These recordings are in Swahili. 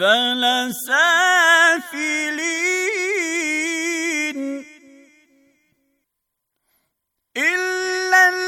أسفل سافلين إلا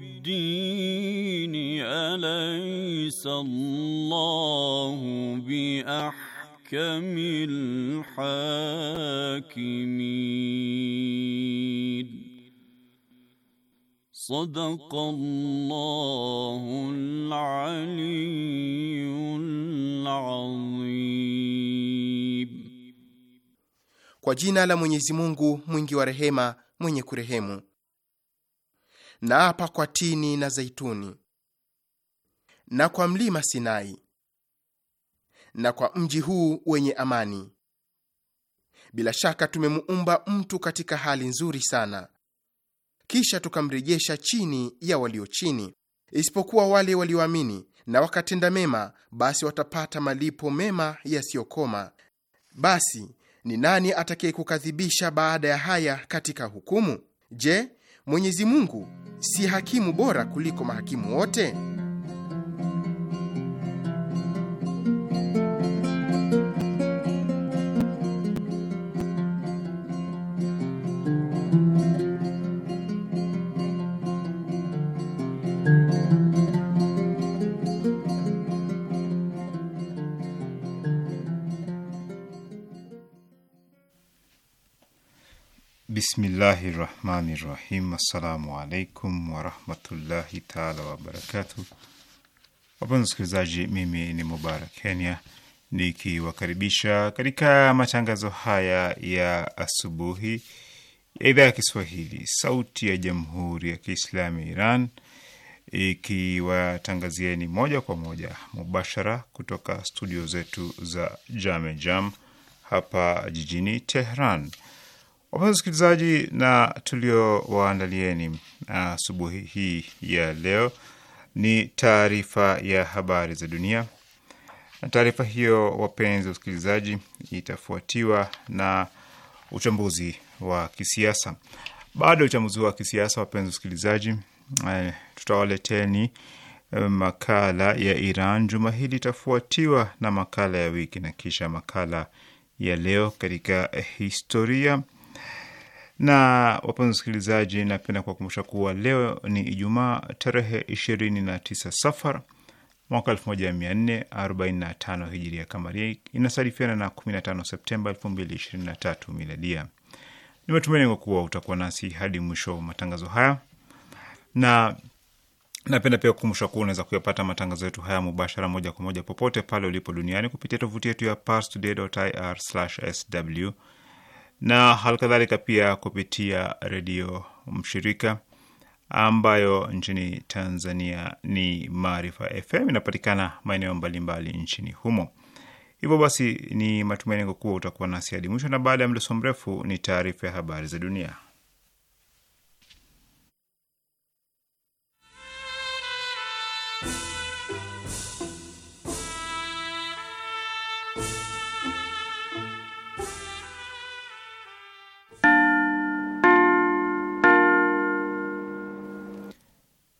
الدين أليس الله بأحكم الحاكمين صدق الله العلي العظيم Kwa jina la Mwenyezi Mungu mwingi wa rehema mwenye kurehemu na apa kwa tini na zaituni na kwa mlima Sinai na kwa mji huu wenye amani. Bila shaka tumemuumba mtu katika hali nzuri sana, kisha tukamrejesha chini ya walio chini, isipokuwa wale walioamini na wakatenda mema, basi watapata malipo mema yasiyokoma. Basi ni nani atakayekukadhibisha baada ya haya katika hukumu? Je, Mwenyezi Mungu si hakimu bora kuliko mahakimu wote? Bismillahi rahmani rahim. Assalamu alaikum warahmatullahi taala wabarakatu. Wapenzi wasikilizaji, mimi ni Mubarak Kenya nikiwakaribisha katika matangazo haya ya asubuhi ya idhaa ya Kiswahili sauti ya jamhuri ya Kiislami ya Iran ikiwatangazieni moja kwa moja mubashara kutoka studio zetu za Jamejam Jam hapa jijini Tehran. Wapenzi wasikilizaji, na tuliowaandalieni asubuhi uh, hii ya leo ni taarifa ya habari za dunia, na taarifa hiyo, wapenzi wa usikilizaji itafuatiwa na uchambuzi wa kisiasa. Baada ya uchambuzi wa kisiasa, wapenzi usikilizaji, uh, eh, tutawaleteni eh, makala ya Iran juma hili, itafuatiwa na makala ya wiki na kisha makala ya leo katika historia na wapenzi wasikilizaji, napenda kuwakumbusha kuwa leo ni Ijumaa tarehe 29 Safar mwaka 1445 hijiria kamaria, inasadifiana na 15 Septemba 2023 miladia. Ni kuwa utakuwa nasi hadi mwisho wa matangazo haya, na napenda pia kukumbusha kuwa unaweza kuyapata matangazo yetu haya mubashara, moja kwa moja, popote pale ulipo duniani kupitia tovuti yetu ya parstoday.ir/sw na halikadhalika pia kupitia redio mshirika ambayo nchini Tanzania ni Maarifa FM, inapatikana maeneo mbalimbali nchini humo. Hivyo basi, ni matumaini yangu kuwa utakuwa nasi hadi mwisho, na baada ya mdoso mrefu ni taarifa ya habari za dunia.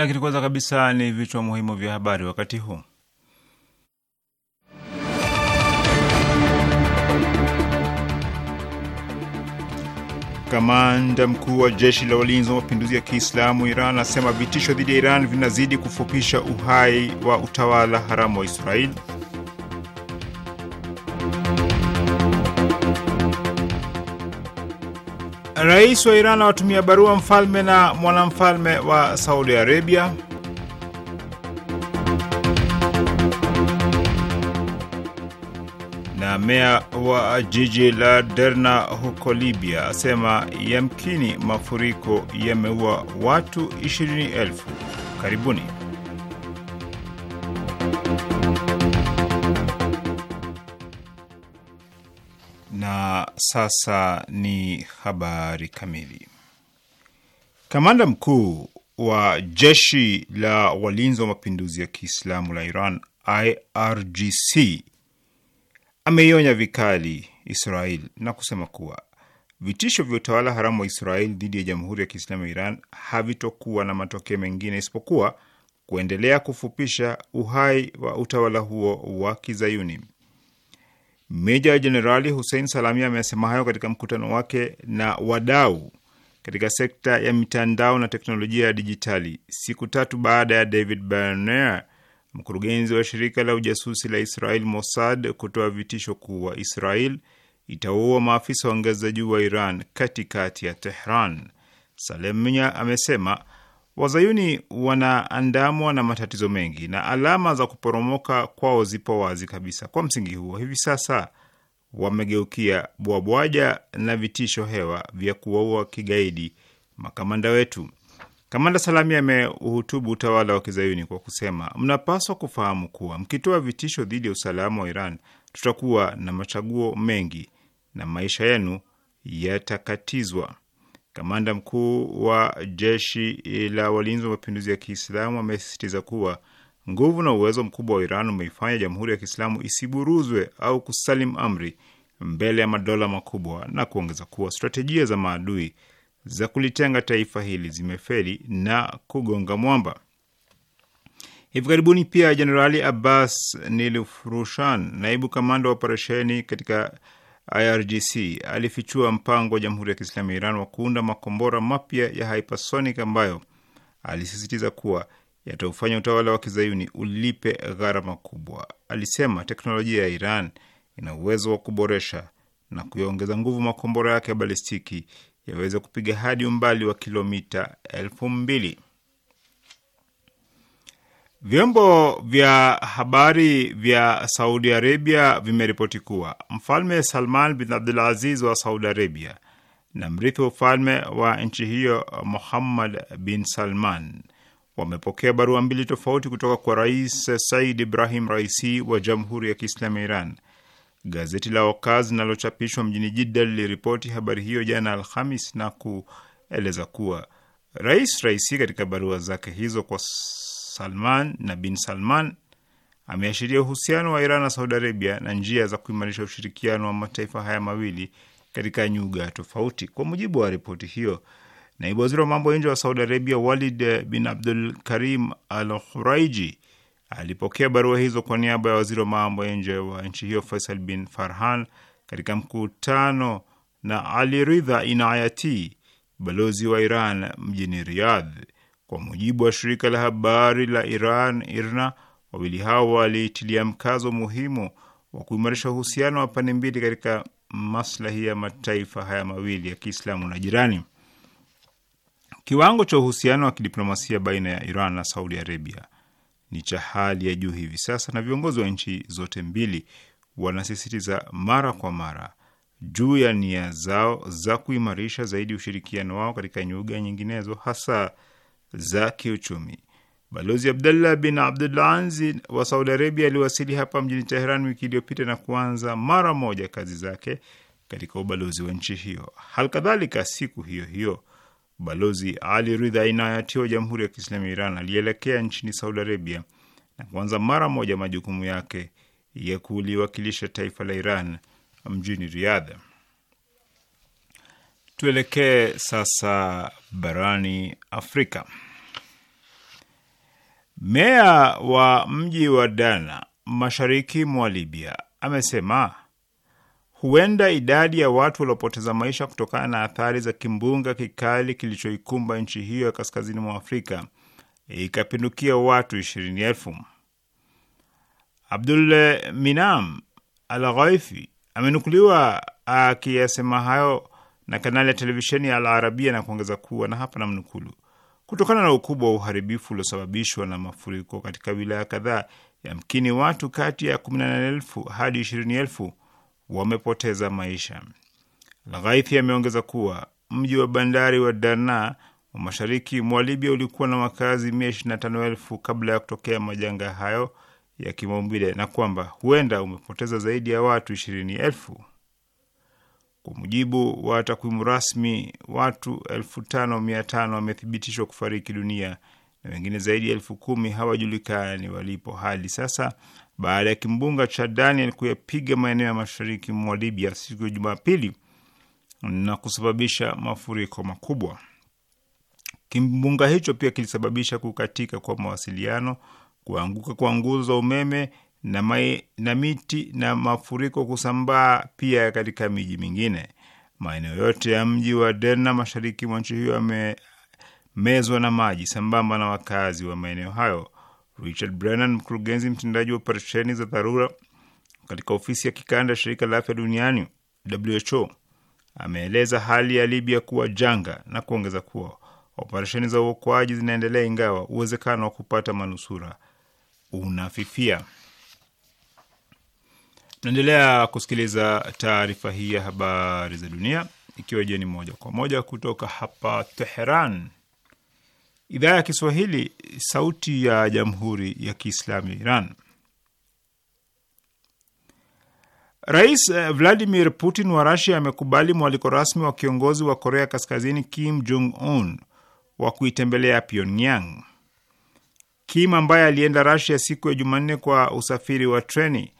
Lakini kwanza kabisa ni vichwa muhimu vya habari wakati huu. Kamanda mkuu wa jeshi la walinzi wa mapinduzi ya Kiislamu Iran anasema vitisho dhidi ya Iran vinazidi kufupisha uhai wa utawala haramu wa Israeli. Rais wa Iran awatumia barua mfalme na mwanamfalme wa Saudi Arabia. Na meya wa jiji la Derna huko Libya asema yamkini mafuriko yameua watu elfu Karibuni. sasa ni habari kamili. Kamanda mkuu wa jeshi la walinzi wa mapinduzi ya Kiislamu la Iran, IRGC, ameionya vikali Israel na kusema kuwa vitisho vya utawala haramu wa Israel dhidi ya jamhuri ya Kiislamu ya Iran havitokuwa na matokeo mengine isipokuwa kuendelea kufupisha uhai wa utawala huo wa kizayuni. Meja Jenerali Hussein Salami amesema hayo katika mkutano wake na wadau katika sekta ya mitandao na teknolojia ya dijitali siku tatu baada ya David Barnea, mkurugenzi wa shirika la ujasusi la Israel Mossad, kutoa vitisho kuwa Israel itaua maafisa wa ngazi za juu wa Iran katikati ya Tehran. Salemya amesema Wazayuni wanaandamwa na matatizo mengi na alama za kuporomoka kwao zipo wazi kabisa. Kwa msingi huo, hivi sasa wamegeukia bwabwaja na vitisho hewa vya kuwaua kigaidi makamanda wetu. Kamanda Salami ameuhutubu utawala wa kizayuni kwa kusema, mnapaswa kufahamu kuwa mkitoa vitisho dhidi ya usalama wa Iran tutakuwa na machaguo mengi na maisha yenu yatakatizwa. Kamanda mkuu wa jeshi la walinzi wa mapinduzi ya Kiislamu amesisitiza kuwa nguvu na uwezo mkubwa wa Iran umeifanya Jamhuri ya Kiislamu isiburuzwe au kusalim amri mbele ya madola makubwa, na kuongeza kuwa stratejia za maadui za kulitenga taifa hili zimefeli na kugonga mwamba. Hivi karibuni pia Jenerali Abbas Nilufrushan, naibu kamanda wa operesheni katika IRGC alifichua mpango wa Jamhuri ya Kiislamu ya Iran wa kuunda makombora mapya ya hypersonic ambayo alisisitiza kuwa yataufanya utawala wa kizayuni ulipe gharama kubwa. Alisema teknolojia ya Iran ina uwezo wa kuboresha na kuyaongeza nguvu makombora yake ya balistiki yaweze kupiga hadi umbali wa kilomita elfu mbili. Vyombo vya habari vya Saudi Arabia vimeripoti kuwa mfalme Salman bin aziz wa Saudi Arabia na mrithi wa ufalme wa nchi hiyo Muhammad bin Salman wamepokea barua mbili tofauti kutoka kwa Rais Said Ibrahim Raisi wa Jamhuri ya Kiislamu ya Iran. Gazeti la Okaz linalochapishwa mjini Jidda liliripoti habari hiyo jana Alhamis na kueleza kuwa Rais Raisi katika barua zake hizo kwa Salman na bin Salman ameashiria uhusiano wa Iran na Saudi Arabia na njia za kuimarisha ushirikiano wa mataifa haya mawili katika nyuga tofauti. Kwa mujibu wa ripoti hiyo, naibu waziri wa mambo ya nje wa Saudi Arabia Walid bin Abdul Karim Al Huraiji alipokea barua hizo kwa niaba ya waziri wa mambo ya nje wa nchi hiyo Faisal bin Farhan katika mkutano na Ali Ridha Inayati, balozi wa Iran mjini Riyadh. Kwa mujibu wa shirika la habari la Iran IRNA, wawili hao walitilia mkazo muhimu wa kuimarisha uhusiano wa pande mbili katika maslahi ya mataifa haya mawili ya Kiislamu na jirani. Kiwango cha uhusiano wa kidiplomasia baina ya Iran na Saudi Arabia ni cha hali ya juu hivi sasa, na viongozi wa nchi zote mbili wanasisitiza mara kwa mara juu ya nia zao za kuimarisha zaidi ushirikiano wao katika nyuga nyinginezo, hasa za kiuchumi. Balozi abdullah bin Abdulanzi wa Saudi Arabia aliwasili hapa mjini Teheran wiki iliyopita na kuanza mara moja kazi zake katika ubalozi wa nchi hiyo. Halikadhalika, siku hiyo hiyo Balozi Ali Ridha Inayati wa Jamhuri ya Kiislamu ya Iran alielekea nchini Saudi Arabia na kuanza mara moja majukumu yake ya kuliwakilisha taifa la Iran mjini Riadha. Tuelekee sasa barani Afrika. Meya wa mji wa Dana mashariki mwa Libya amesema huenda idadi ya watu waliopoteza maisha kutokana na athari za kimbunga kikali kilichoikumba nchi hiyo ya kaskazini mwa Afrika ikapindukia watu ishirini elfu. Abdul Minam Al Ghaifi amenukuliwa akiyasema hayo na kanali ya televisheni ya Al Arabia na kuongeza kuwa, na hapa namnukulu, kutokana na ukubwa wa uharibifu uliosababishwa na mafuriko katika wilaya kadhaa, yamkini watu kati ya 18,000 hadi 20,000 wamepoteza maisha. lghaithi ameongeza kuwa mji wa bandari wa Darna wa mashariki mwa Libya ulikuwa na wakazi 125,000 kabla ya kutokea majanga hayo ya kimaumbile na kwamba huenda umepoteza zaidi ya watu 20,000. Kwa mujibu wa takwimu rasmi, watu elfu tano mia tano wamethibitishwa kufariki dunia na wengine zaidi ya elfu kumi hawajulikani walipo hadi sasa baada ya kimbunga cha Daniel kuyapiga maeneo ya mashariki mwa Libya siku ya Jumapili na kusababisha mafuriko makubwa. Kimbunga hicho pia kilisababisha kukatika kwa mawasiliano, kuanguka kwa nguzo za umeme na, mai, na miti na mafuriko kusambaa pia katika miji mingine. Maeneo yote ya mji wa Derna mashariki mwa nchi hiyo yamemezwa na maji sambamba na wakazi wa maeneo hayo. Richard Brennan, mkurugenzi mtendaji wa operesheni za dharura katika ofisi ya kikanda ya shirika la afya duniani WHO, ameeleza hali ya Libya kuwa janga na kuongeza kuwa operesheni za uokoaji zinaendelea ingawa uwezekano wa kupata manusura unafifia. Tunaendelea kusikiliza taarifa hii ya habari za dunia, ikiwa jeni moja kwa moja kutoka hapa Teheran, idhaa ya Kiswahili, sauti ya jamhuri ya kiislamu ya Iran. Rais eh, Vladimir Putin wa Rasia amekubali mwaliko rasmi wa kiongozi wa Korea Kaskazini Kim Jong Un wa kuitembelea Pyongyang. Kim ambaye alienda Rasia siku ya Jumanne kwa usafiri wa treni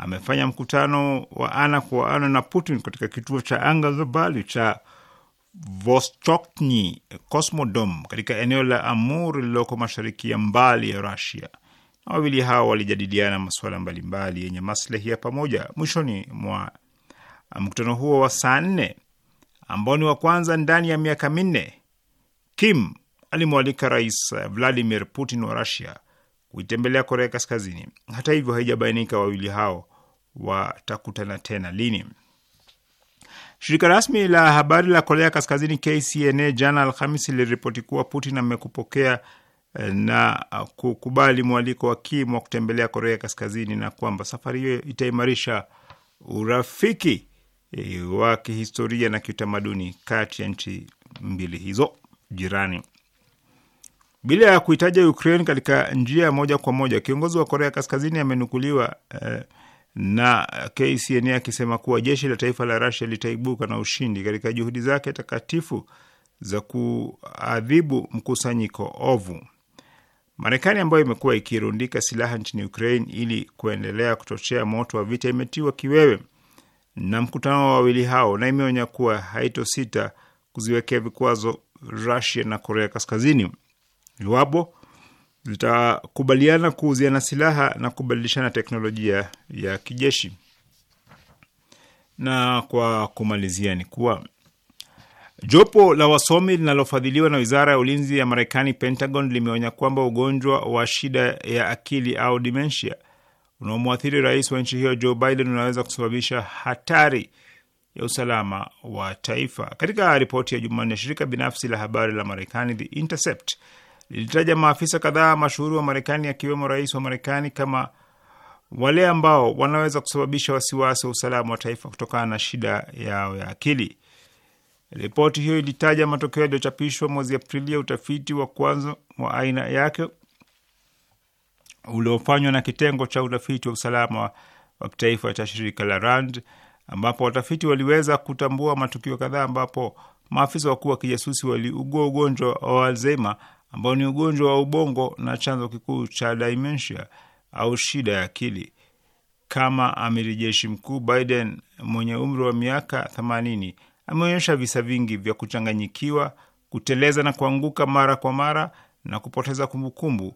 amefanya mkutano wa ana kwa ana na Putin katika kituo cha anga za bali cha Vostochny Cosmodom katika eneo la Amur lililoko mashariki ya mbali ya Rusia, na wawili hao walijadiliana masuala mbalimbali yenye maslahi ya pamoja. Mwishoni mwa mkutano huo wa saa nne ambao ni wa kwanza ndani ya miaka minne, Kim alimwalika Rais Vladimir Putin wa Rusia kuitembelea Korea Kaskazini. Hata hivyo, haijabainika wawili hao watakutana tena lini. Shirika rasmi la habari la Korea Kaskazini KCNA jana Alhamisi liliripoti kuwa Putin amekupokea eh, na kukubali mwaliko wa Kim wa kutembelea Korea Kaskazini na kwamba safari hiyo itaimarisha urafiki eh, wa kihistoria na kiutamaduni kati ya nchi mbili hizo jirani. Bila ya kuitaja Ukraine katika njia moja kwa moja, kiongozi wa Korea Kaskazini amenukuliwa eh, na KCNA akisema kuwa jeshi la taifa la rasia litaibuka na ushindi katika juhudi zake takatifu za kuadhibu mkusanyiko ovu. Marekani ambayo imekuwa ikirundika silaha nchini Ukraine ili kuendelea kuchochea moto wa vita imetiwa kiwewe na mkutano wa wawili hao na imeonya kuwa haitosita kuziwekea vikwazo rasia na Korea Kaskazini iwapo zitakubaliana kuuziana silaha na kubadilishana teknolojia ya kijeshi. Na kwa kumalizia ni kuwa jopo la wasomi linalofadhiliwa na wizara ya ulinzi ya Marekani, Pentagon, limeonya kwamba ugonjwa wa shida ya akili au dementia unaomwathiri rais wa nchi hiyo Joe Biden unaweza kusababisha hatari ya usalama wa taifa. Katika ripoti ya Jumanne ya shirika binafsi la habari la Marekani The Intercept lilitaja maafisa kadhaa mashuhuri wa Marekani akiwemo rais wa Marekani kama wale ambao wanaweza kusababisha wasiwasi wa usalama wa taifa kutokana na shida yao ya akili. Ripoti hiyo ilitaja matokeo yaliyochapishwa mwezi Aprili ya utafiti wa kwanza wa aina yake uliofanywa na kitengo cha utafiti wa usalama wa kitaifa cha shirika la RAND, ambapo watafiti waliweza kutambua matukio kadhaa ambapo maafisa wakuu wa kijasusi waliugua ugonjwa wa Alzheimer ambao ni ugonjwa wa ubongo na chanzo kikuu cha dementia au shida ya akili. Kama amiri jeshi mkuu Biden mwenye umri wa miaka 80 ameonyesha visa vingi vya kuchanganyikiwa, kuteleza na kuanguka mara kwa mara na kupoteza kumbukumbu.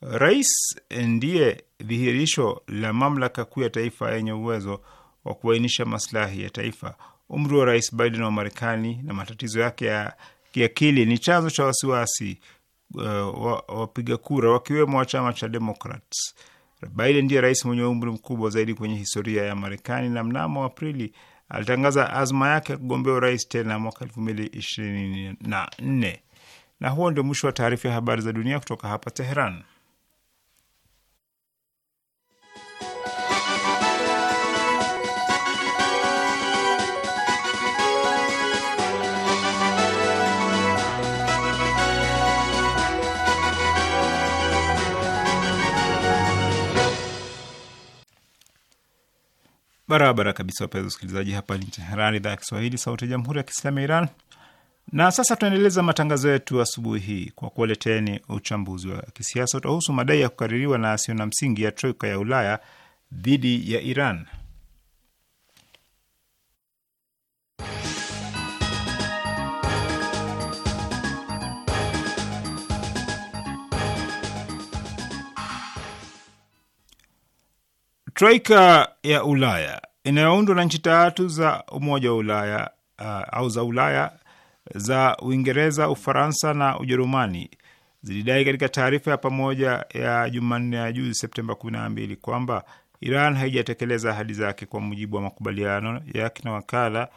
Rais ndiye dhihirisho la mamlaka kuu ya taifa yenye uwezo wa kuainisha maslahi ya taifa. Umri wa Rais Biden wa Marekani na matatizo yake ya kiakili ni chanzo cha wasiwasi uh, wapiga kura wakiwemo wa chama cha Democrats. Biden ndiye rais mwenye umri mkubwa zaidi kwenye historia ya Marekani, na mnamo Aprili alitangaza azma yake ya kugombea urais tena mwaka elfu mbili ishirini na nne. Na huo ndio mwisho wa taarifa ya habari za dunia kutoka hapa Teheran. Barabara kabisa, wapenzi wasikilizaji, hapa ni Teherani, idhaa ya Kiswahili, sauti ya jamhuri ya kiislamu ya Iran. Na sasa tunaendeleza matangazo yetu asubuhi hii kwa kuwaleteni uchambuzi wa kisiasa utahusu madai ya kukaririwa na asio na msingi ya troika ya Ulaya dhidi ya Iran. Troika ya Ulaya inayoundwa na nchi tatu za Umoja wa Ulaya uh, au za Ulaya za Uingereza, Ufaransa na Ujerumani zilidai katika taarifa ya pamoja ya Jumanne ya juzi Septemba 12 kwamba Iran haijatekeleza ahadi zake kwa mujibu wa makubaliano yake na wakala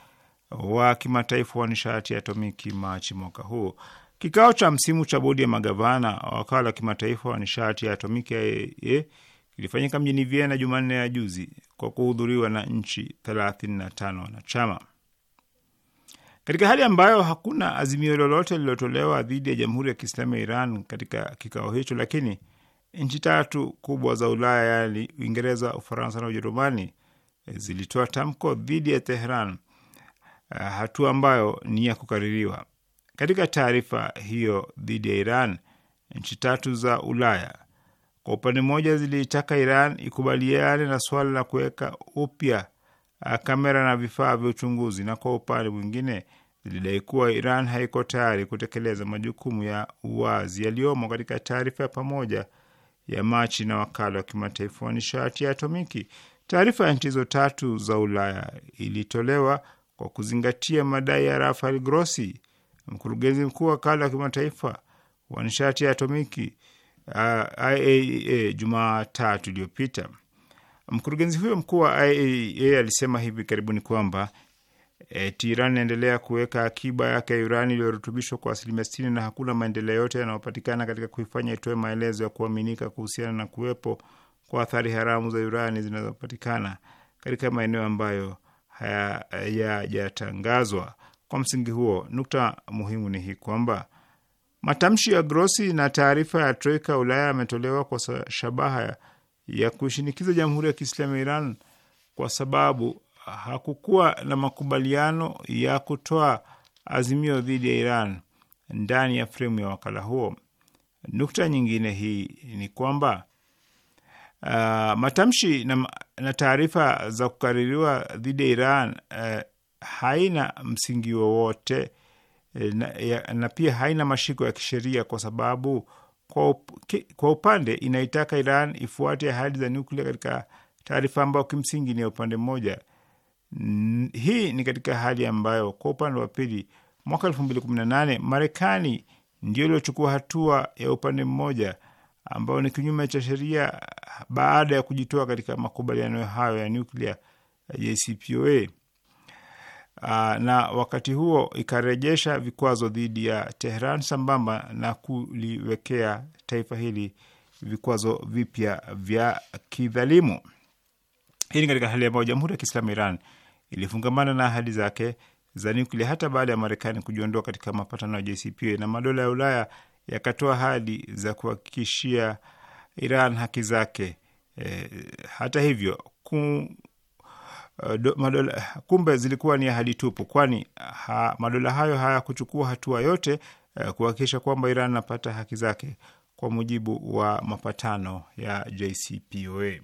wa kimataifa wa nishati ya atomiki Machi mwaka huu. Kikao cha msimu cha bodi ya magavana wa wakala wa kimataifa wa nishati ya atomiki IAEA e ilifanyika mjini Vienna Jumanne ya juzi kwa kuhudhuriwa na nchi 35 wanachama katika hali ambayo hakuna azimio lolote lililotolewa dhidi ya Jamhuri ya Kiislamu ya Iran katika kikao hicho, lakini nchi tatu kubwa za Ulaya yaani Uingereza, Ufaransa na Ujerumani zilitoa tamko dhidi ya Tehran, eh, hatua ambayo ni ya kukaririwa. Katika taarifa hiyo dhidi ya Iran, nchi tatu za Ulaya kwa upande mmoja, ziliitaka Iran ikubaliane na suala la kuweka upya ah, kamera na vifaa vya uchunguzi, na kwa upande mwingine zilidai kuwa Iran haiko tayari kutekeleza majukumu ya uwazi yaliyomo katika taarifa ya pamoja ya Machi na wakala wa kimataifa wa nishati ya atomiki. Taarifa ya nchi hizo tatu za Ulaya ilitolewa kwa kuzingatia madai ya Rafael Grossi, mkurugenzi mkuu wa wakala wa kimataifa wa nishati ya atomiki uh, ah, IAEA e Jumatatu iliyopita. Mkurugenzi huyo mkuu wa IAEA e alisema hivi karibuni kwamba e, Tehran inaendelea kuweka akiba yake ya urani iliyorutubishwa kwa asilimia sitini na hakuna maendeleo yote yanayopatikana katika kuifanya itoe maelezo ya kuaminika kuhusiana na kuwepo kwa athari haramu za urani zinazopatikana katika maeneo ambayo hayajatangazwa. Kwa msingi huo, nukta muhimu ni hii kwamba Matamshi ya Grossi na taarifa ya troika ya Ulaya yametolewa kwa shabaha ya kushinikiza Jamhuri ya Kiislamu ya Iran kwa sababu hakukuwa na makubaliano ya kutoa azimio dhidi ya Iran ndani ya fremu ya wakala huo. Nukta nyingine hii ni kwamba uh, matamshi na, na taarifa za kukaririwa dhidi ya Iran uh, haina msingi wowote Eh, na, ya, na pia haina mashiko ya kisheria kwa sababu kwa, up, ki, kwa upande inaitaka Iran ifuate ahadi za nyuklia katika taarifa ambayo kimsingi ni ya upande mmoja. Hii ni katika hali ambayo kwa upande wa pili, mwaka elfu mbili kumi na nane Marekani ndio iliochukua hatua ya upande mmoja ambayo ni kinyume cha sheria baada ya kujitoa katika makubaliano hayo ya nyuklia JCPOA. Ah, na wakati huo ikarejesha vikwazo dhidi ya Tehran sambamba na kuliwekea taifa hili vikwazo vipya vya kidhalimu. Hii ni katika hali ambayo Jamhuri ya Kiislamu Iran ilifungamana na ahadi zake za nuklia hata baada ya Marekani kujiondoa katika mapatano ya JCPOA na madola ya Ulaya yakatoa ahadi za kuhakikishia Iran haki zake. E, hata hivyo, Eh, do, madola, kumbe zilikuwa ni ahadi tupu, kwani eh, ha, madola hayo hayakuchukua hatua yote eh, kuhakikisha kwamba Iran anapata haki zake kwa mujibu wa mapatano ya JCPOA.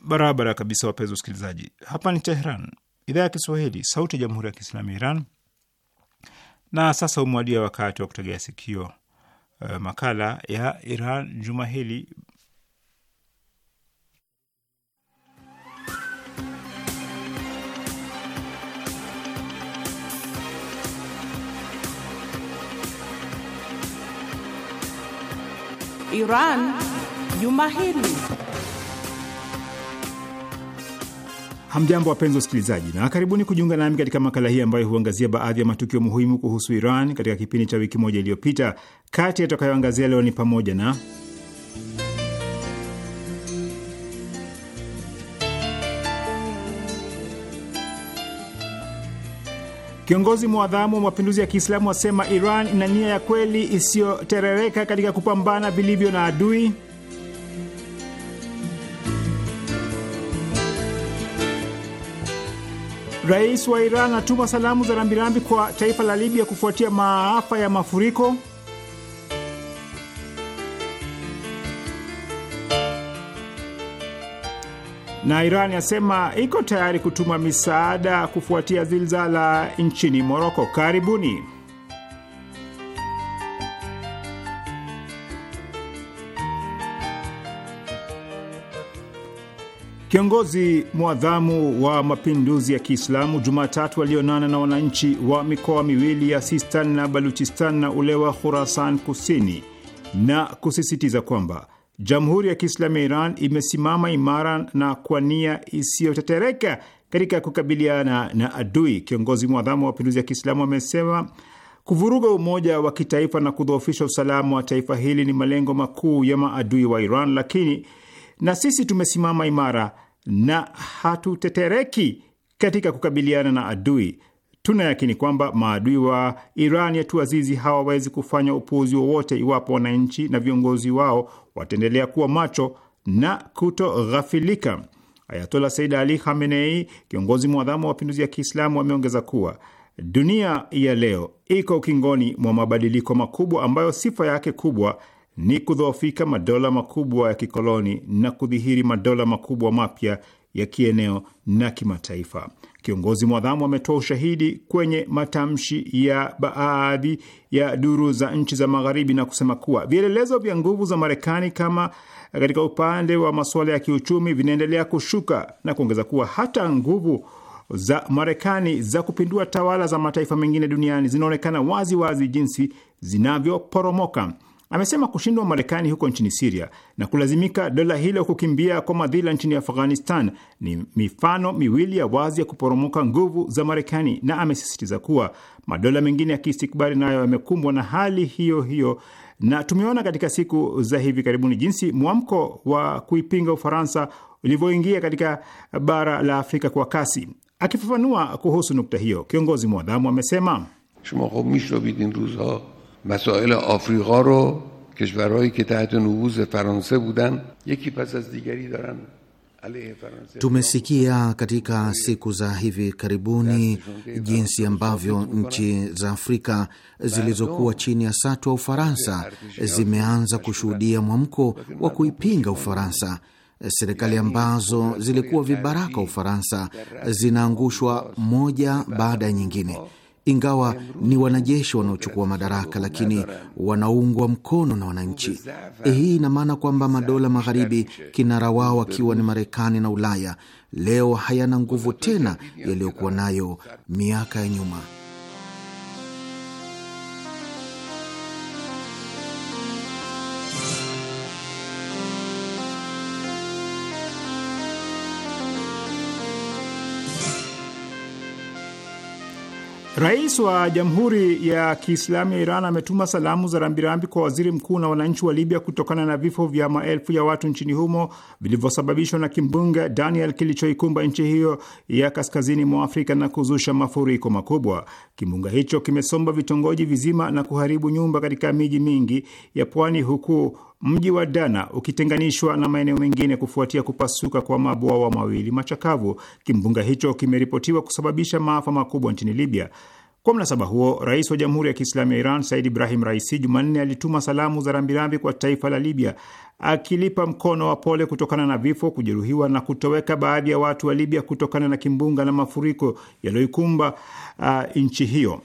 Barabara kabisa, wapenzi wasikilizaji, hapa ni Tehran idhaa ya Kiswahili, sauti ya jamhuri ya kiislamu ya Iran. Na sasa umewadia wakati wa kutegea sikio uh, makala ya Iran juma hili. Iran juma hili Hamjambo, wapenzi wasikilizaji, na karibuni kujiunga nami katika makala hii ambayo huangazia baadhi ya matukio muhimu kuhusu Iran katika kipindi cha wiki moja iliyopita. Kati yatakayoangazia leo ni pamoja na Kiongozi mwadhamu wa mapinduzi ya Kiislamu asema Iran ina nia ya kweli isiyoterereka katika kupambana vilivyo na adui. Rais wa Iran atuma salamu za rambirambi kwa taifa la Libya kufuatia maafa ya mafuriko. Na Iran yasema iko tayari kutuma misaada kufuatia zilzala nchini Moroko. Karibuni. Kiongozi mwadhamu wa mapinduzi ya Kiislamu Jumatatu alionana na wananchi wa mikoa miwili ya Sistan na Baluchistan na ule wa Khurasan Kusini na kusisitiza kwamba Jamhuri ya Kiislamu ya Iran imesimama imara na kwa nia isiyotetereka katika kukabiliana na adui. Kiongozi mwadhamu wa mapinduzi ya Kiislamu amesema kuvuruga umoja wa kitaifa na kudhoofisha usalama wa taifa hili ni malengo makuu ya maadui wa Iran, lakini na sisi tumesimama imara na hatutetereki katika kukabiliana na adui. Tuna kwamba maadui wa Iran yetu azizi hawawezi kufanya upuuzi wowote iwapo wananchi na viongozi wao wataendelea kuwa macho na kutoghafilika. Ayatola Said Ali Khamenei, kiongozi mwadhamu wa mapinduzi ya Kiislamu, ameongeza kuwa dunia ya leo iko ukingoni mwa mabadiliko makubwa ambayo sifa yake kubwa ni kudhoofika madola makubwa ya kikoloni na kudhihiri madola makubwa mapya ya kieneo na kimataifa. Kiongozi mwadhamu ametoa ushahidi kwenye matamshi ya baadhi ya duru za nchi za Magharibi na kusema kuwa vielelezo vya nguvu za Marekani kama katika upande wa masuala ya kiuchumi vinaendelea kushuka na kuongeza kuwa hata nguvu za Marekani za kupindua tawala za mataifa mengine duniani zinaonekana wazi wazi jinsi zinavyoporomoka. Amesema kushindwa Marekani huko nchini Siria na kulazimika dola hilo kukimbia kwa madhila nchini Afghanistan ni mifano miwili ya wazi ya kuporomoka nguvu za Marekani, na amesisitiza kuwa madola mengine ya kiistikbari nayo yamekumbwa na hali hiyo hiyo, na tumeona katika siku za hivi karibuni jinsi mwamko wa kuipinga Ufaransa ulivyoingia katika bara la Afrika kwa kasi. Akifafanua kuhusu nukta hiyo, kiongozi mwadhamu amesema مسائل آفریقا رو کشورهایی که تحت نفوذ فرانسه بودن یکی پس از دیگری دارن Tumesikia katika siku za hivi karibuni jinsi ambavyo nchi za Afrika zilizokuwa chini ya satwa wa Ufaransa zimeanza kushuhudia mwamko wa kuipinga Ufaransa. Serikali ambazo zilikuwa vibaraka Ufaransa zinaangushwa moja baada ya nyingine ingawa ni wanajeshi wanaochukua madaraka, lakini wanaungwa mkono na wananchi. Eh, hii ina maana kwamba madola magharibi, kinara wao akiwa ni Marekani na Ulaya, leo hayana nguvu tena yaliyokuwa nayo miaka ya nyuma. Rais wa Jamhuri ya Kiislamu ya Iran ametuma salamu za rambirambi kwa waziri mkuu na wananchi wa Libya kutokana na vifo vya maelfu ya watu nchini humo vilivyosababishwa na kimbunga Daniel kilichoikumba nchi hiyo ya kaskazini mwa Afrika na kuzusha mafuriko makubwa. Kimbunga hicho kimesomba vitongoji vizima na kuharibu nyumba katika miji mingi ya pwani huku Mji wa Dana ukitenganishwa na maeneo mengine kufuatia kupasuka kwa mabwawa mawili machakavu. Kimbunga hicho kimeripotiwa kusababisha maafa makubwa nchini Libya. Kwa mnasaba huo, rais wa Jamhuri ya Kiislamu ya Iran Said Ibrahim Raisi Jumanne alituma salamu za rambirambi kwa taifa la Libya, akilipa mkono wa pole kutokana na vifo, kujeruhiwa na kutoweka baadhi ya watu wa Libya kutokana na kimbunga na mafuriko yaliyoikumba uh, nchi hiyo.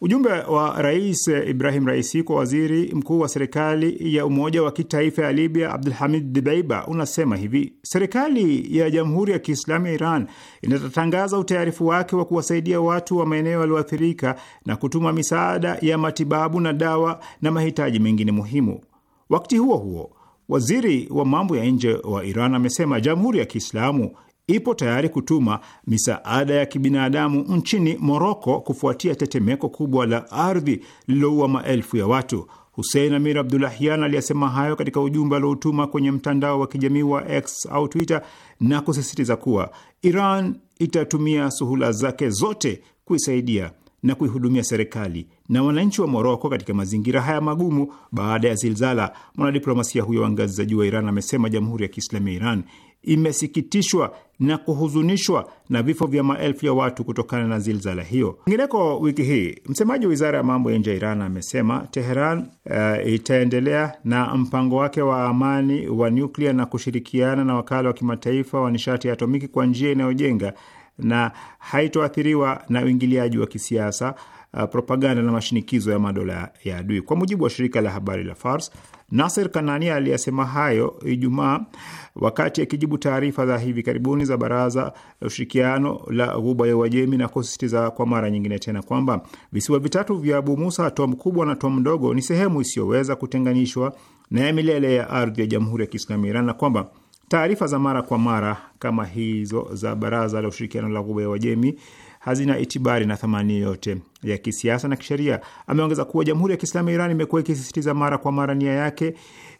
Ujumbe wa Rais Ibrahim Raisi kwa waziri mkuu wa serikali ya umoja wa kitaifa ya Libya Abdulhamid Dibeiba unasema hivi: serikali ya Jamhuri ya Kiislamu ya Iran inatangaza utayarifu wake wa kuwasaidia watu wa maeneo yaliyoathirika na kutuma misaada ya matibabu na dawa na mahitaji mengine muhimu. Wakati huo huo, waziri wa mambo ya nje wa Iran amesema Jamhuri ya Kiislamu ipo tayari kutuma misaada ya kibinadamu nchini Moroko kufuatia tetemeko kubwa la ardhi lililoua maelfu ya watu. Husein Amir Abdulahyan aliyasema hayo katika ujumbe alioutuma kwenye mtandao wa kijamii wa X au Twitter na kusisitiza kuwa Iran itatumia suhula zake zote kuisaidia na kuihudumia serikali na wananchi wa Moroko katika mazingira haya magumu baada ya zilzala. Mwanadiplomasia huyo wa ngazi za juu wa Iran amesema jamhuri ya Kiislamu ya Iran imesikitishwa na kuhuzunishwa na vifo vya maelfu ya watu kutokana na zilzala hiyo. Kwingineko wiki hii, msemaji wa wizara ya mambo ya nje ya Iran amesema Teheran uh, eh, itaendelea na mpango wake wa amani wa nyuklia na kushirikiana na wakala wa kimataifa wa nishati ya atomiki kwa njia inayojenga na haitoathiriwa na uingiliaji wa kisiasa, uh, propaganda na mashinikizo ya madola ya adui. Kwa mujibu wa shirika la habari la Fars, Nasser Kanani aliyasema hayo Ijumaa wakati akijibu taarifa za hivi karibuni za Baraza la Ushirikiano la Ghuba ya Uajemi na kusisitiza kwa mara nyingine tena kwamba visiwa vitatu vya Abu Musa, Tom kubwa na Tom ndogo ni sehemu isiyoweza kutenganishwa na ya milele ya ardhi ya Jamhuri ya Kiislamu Iran na kwamba Taarifa za mara kwa mara kama hizo za Baraza la Ushirikiano la Ghuba ya Uajemi hazina itibari na thamani yoyote ya kisiasa na kisheria. Ameongeza kuwa Jamhuri ya Kiislamu ya Iran imekuwa ikisisitiza mara kwa mara nia yake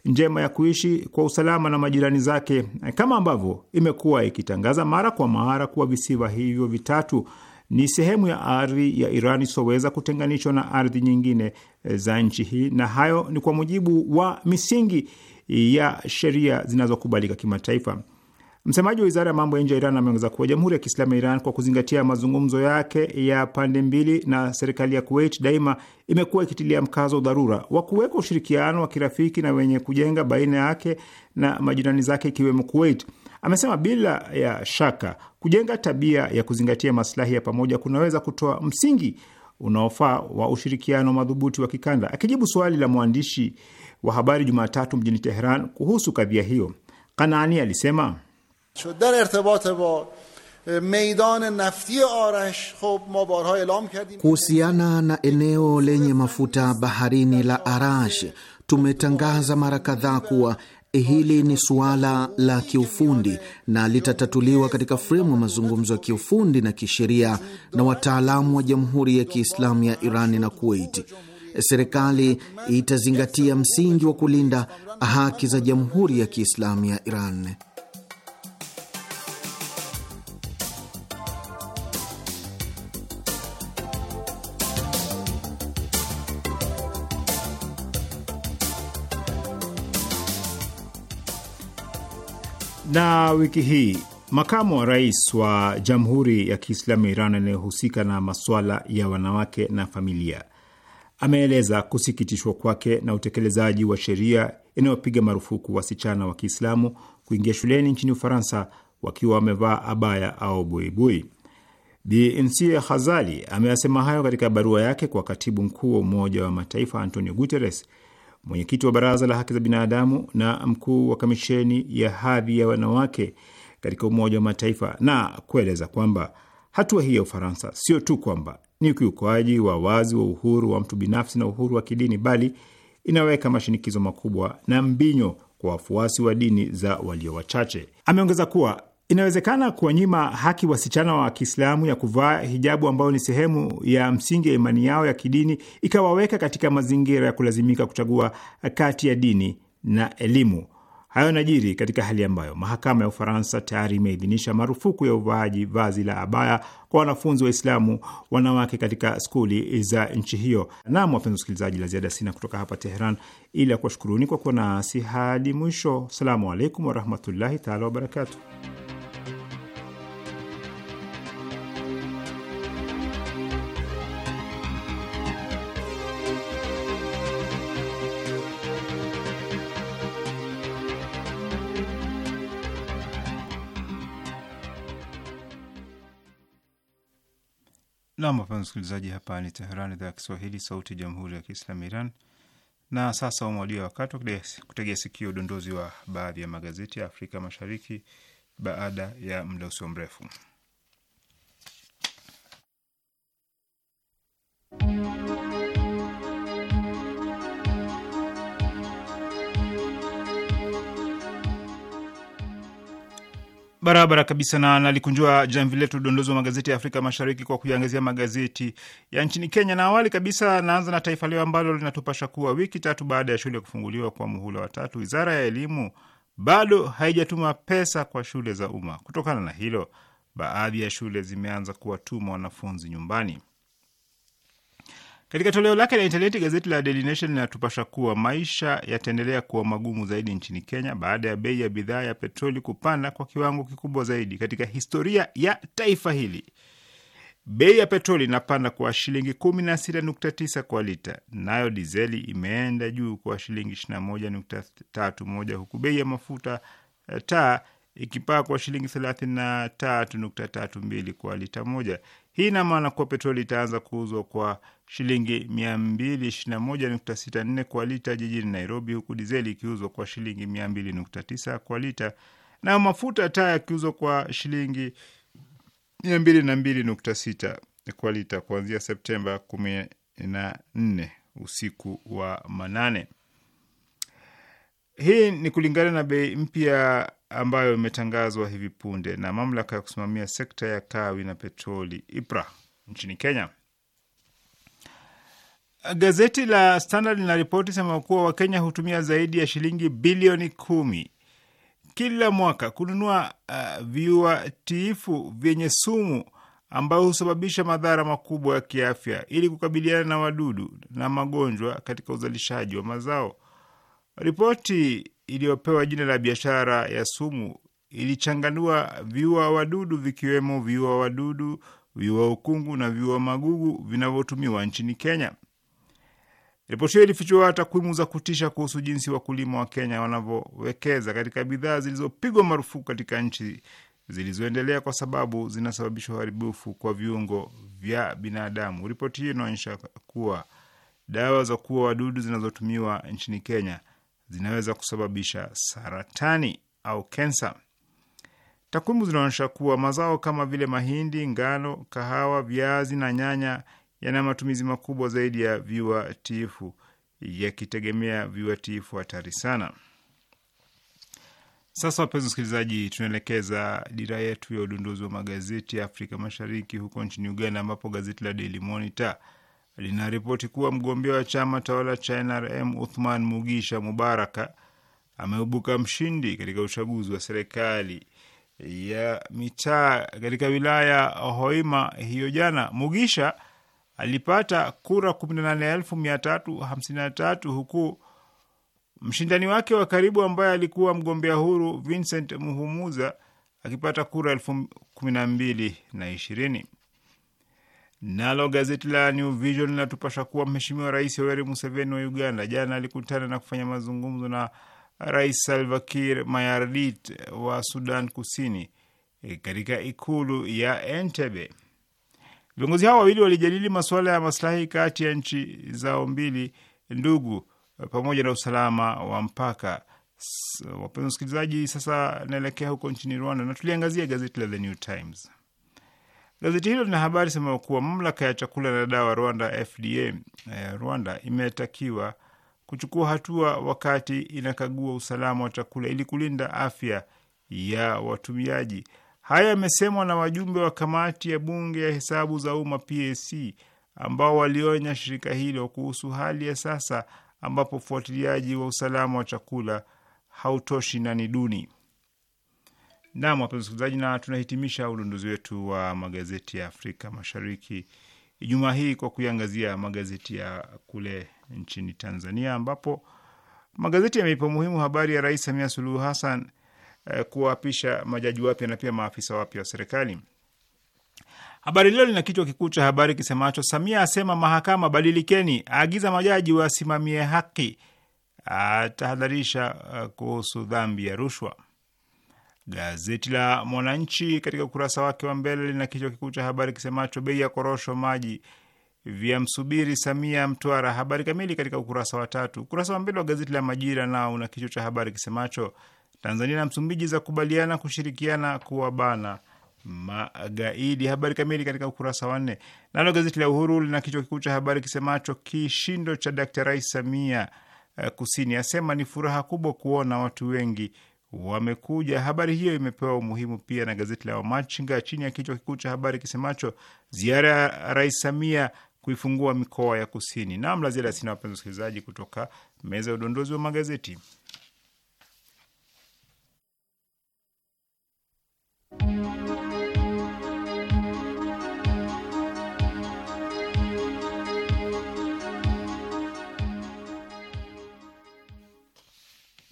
njema ya kuishi kwa usalama na majirani zake, kama ambavyo imekuwa ikitangaza mara kwa mara kuwa visiwa hivyo vitatu ni sehemu ya ardhi ya Iran isiyoweza kutenganishwa na ardhi nyingine za nchi hii, na hayo ni kwa mujibu wa misingi ya sheria zinazokubalika kimataifa. Msemaji wa wizara ya mambo ya nje ya Iran ameongeza kuwa jamhuri ya Kiislamu ya Iran, kwa kuzingatia mazungumzo yake ya pande mbili na serikali ya Kuwait, daima imekuwa ikitilia mkazo dharura wa kuweka ushirikiano wa kirafiki na wenye kujenga baina yake na majirani zake ikiwemo Kuwait. Amesema bila ya shaka kujenga tabia ya kuzingatia masilahi ya pamoja kunaweza kutoa msingi unaofaa wa ushirikiano madhubuti wa kikanda. Akijibu swali la mwandishi wa habari Jumatatu mjini Teheran kuhusu kadhia hiyo. Kanaani alisema uh, kuhusiana na eneo lenye mafuta baharini la Arash, tumetangaza mara kadhaa kuwa hili ni suala la kiufundi na litatatuliwa katika fremu ya mazungumzo ya kiufundi na kisheria na wataalamu wa Jamhuri ya Kiislamu ya Irani na Kuwait serikali itazingatia msingi wa kulinda haki za Jamhuri ya Kiislamu ya Iran. Na wiki hii makamu wa rais wa Jamhuri ya Kiislamu ya Iran anayehusika na masuala ya wanawake na familia ameeleza kusikitishwa kwake na utekelezaji wa sheria inayopiga marufuku wasichana wa Kiislamu kuingia shuleni nchini Ufaransa wakiwa wamevaa abaya au buibui. Bi Nsie Khazali ameyasema hayo katika barua yake kwa katibu mkuu wa Umoja wa Mataifa Antonio Guterres, mwenyekiti wa Baraza la Haki za Binadamu na mkuu wa Kamisheni ya Hadhi ya Wanawake katika Umoja wa Mataifa, na kueleza kwamba hatua hii ya Ufaransa sio tu kwamba ni ukiukwaji wa wazi wa uhuru wa mtu binafsi na uhuru wa kidini, bali inaweka mashinikizo makubwa na mbinyo kwa wafuasi wa dini za walio wachache. Ameongeza kuwa inawezekana kuwanyima haki wasichana wa Kiislamu ya kuvaa hijabu ambayo ni sehemu ya msingi ya imani yao ya kidini, ikawaweka katika mazingira ya kulazimika kuchagua kati ya dini na elimu. Hayo yanajiri katika hali ambayo mahakama ya Ufaransa tayari imeidhinisha marufuku ya uvaaji vazi la abaya kwa wanafunzi Waislamu wanawake katika skuli za nchi hiyo. Nam, wapenzi wasikilizaji, la ziada sina kutoka hapa Teheran, ila kuwashukuruni kwa kuwa nasi hadi mwisho. Salamu alaikum warahmatullahi taala wabarakatuh. Nam, wapenzi msikilizaji, hapa ni Teheran, idhaa ya Kiswahili, sauti ya jamhuri ya kiislamu Iran. Na sasa umewadia wakati wa kutegea sikio udondozi wa baadhi ya magazeti ya Afrika Mashariki baada ya muda usio mrefu. barabara kabisa, na nalikunjua jamvi letu udondozi wa magazeti ya Afrika Mashariki kwa kuiangazia magazeti ya nchini Kenya, na awali kabisa naanza na Taifa Leo ambalo linatupasha kuwa wiki tatu baada ya shule kufunguliwa kwa muhula watatu wizara ya elimu bado haijatuma pesa kwa shule za umma. Kutokana na hilo, baadhi ya shule zimeanza kuwatuma wanafunzi nyumbani. Katika toleo lake la intaneti gazeti la Daily Nation linatupasha kuwa maisha yataendelea kuwa magumu zaidi nchini Kenya baada ya bei ya bidhaa ya petroli kupanda kwa kiwango kikubwa zaidi katika historia ya taifa hili. Bei ya petroli inapanda kwa shilingi 16.9 kwa lita, nayo dizeli imeenda juu kwa shilingi 21.31 huku bei ya mafuta eh, taa ikipaa kwa shilingi 33.32 kwa lita moja. Hii ina maana kuwa petroli itaanza kuuzwa kwa shilingi 221.64 kwa lita jijini Nairobi, huku dizeli ikiuzwa kwa shilingi 200.9 kwa lita na mafuta taa yakiuzwa kwa shilingi 202.6 kwa lita kuanzia Septemba 14 usiku wa manane. Hii ni kulingana na bei mpya ambayo imetangazwa hivi punde na mamlaka ya kusimamia sekta ya kawi na petroli IPRA nchini Kenya. Gazeti la Standard linaripoti sema kuwa Wakenya hutumia zaidi ya shilingi bilioni kumi kila mwaka kununua uh, tiifu vyenye sumu ambayo husababisha madhara makubwa ya kiafya ili kukabiliana na wadudu na magonjwa katika uzalishaji wa mazao. Ripoti iliyopewa jina la biashara ya sumu ilichanganua viua wadudu vikiwemo viua wadudu, viua ukungu na viua magugu vinavyotumiwa nchini Kenya. Ripoti hiyo ilifichua takwimu za kutisha kuhusu jinsi wakulima wa Kenya wanavyowekeza katika bidhaa zilizopigwa marufuku katika nchi zilizoendelea kwa sababu zinasababisha uharibifu kwa viungo vya binadamu. Ripoti hiyo inaonyesha kuwa dawa za kuua wadudu zinazotumiwa nchini Kenya zinaweza kusababisha saratani au kensa. Takwimu zinaonyesha kuwa mazao kama vile mahindi, ngano, kahawa, viazi na nyanya yana matumizi makubwa zaidi ya tifu yakitegemea viuatifu hatari sana. Sasa wapenzi wasikilizaji, tunaelekeza dira yetu ya udunduzi wa magazeti ya Afrika Mashariki huko nchini Uganda, ambapo gazeti la Daily Monitor linaripoti kuwa mgombea wa chama tawala cha NRM Uthman Mugisha Mubaraka ameibuka mshindi katika uchaguzi wa serikali ya mitaa katika wilaya Hoima hiyo jana. Mugisha alipata kura 18353 huku mshindani wake wa karibu ambaye alikuwa mgombea huru Vincent Muhumuza akipata kura elfu Nalo gazeti la New Vision linatupasha kuwa Mheshimiwa Rais Yoweri Museveni wa Uganda jana alikutana na kufanya mazungumzo na Rais Salva Kiir Mayardit wa Sudan Kusini eh, katika ikulu ya Entebbe. Viongozi hao wawili walijadili masuala ya maslahi kati ya nchi zao mbili ndugu pamoja na usalama wa mpaka. Wapenzi wasikilizaji, sasa naelekea huko nchini Rwanda na tuliangazia gazeti la The New Times. Gazeti hilo lina habari sema kuwa mamlaka ya chakula na dawa Rwanda, FDA, eh, Rwanda imetakiwa kuchukua hatua wakati inakagua usalama wa chakula ili kulinda afya ya watumiaji. Haya yamesemwa na wajumbe wa kamati ya bunge ya hesabu za umma PAC ambao walionya shirika hilo kuhusu hali ya sasa ambapo ufuatiliaji wa usalama wa chakula hautoshi na ni duni. Naam, wapenzi wasikilizaji, na tunahitimisha udunduzi wetu wa magazeti ya Afrika Mashariki Ijumaa hii kwa kuiangazia magazeti ya kule nchini Tanzania, ambapo magazeti yameipa muhimu habari ya Rais Samia Suluhu Hassan Eh, kuwaapisha majaji wapya na pia maafisa wapya wa serikali. Habari Leo lina kichwa kikuu cha habari kisemacho Samia asema mahakama badilikeni, aagiza majaji wasimamie haki, atahadharisha eh, kuhusu dhambi ya rushwa. Gazeti la Mwananchi katika ukurasa wake wa mbele lina kichwa kikuu cha habari kisemacho bei ya korosho, maji vya msubiri Samia Mtwara. Habari kamili katika ukurasa wa tatu. Ukurasa wa mbele wa gazeti la Majira nao una kichwa cha habari kisemacho Tanzania na Msumbiji za kubaliana kushirikiana kuwabana magaidi. Habari kamili katika ukurasa wa nne. Nalo gazeti la Uhuru lina kichwa kikuu cha habari kisemacho kishindo cha Dkt Rais Samia eh, Kusini, asema ni furaha kubwa kuona watu wengi wamekuja. Habari hiyo imepewa umuhimu pia na gazeti la Wamachinga chini ya kichwa kikuu cha habari kisemacho ziara ya Rais Samia kuifungua mikoa ya kusini. Namla ziada sina, wapenzi wasikilizaji, kutoka meza ya udondozi wa magazeti.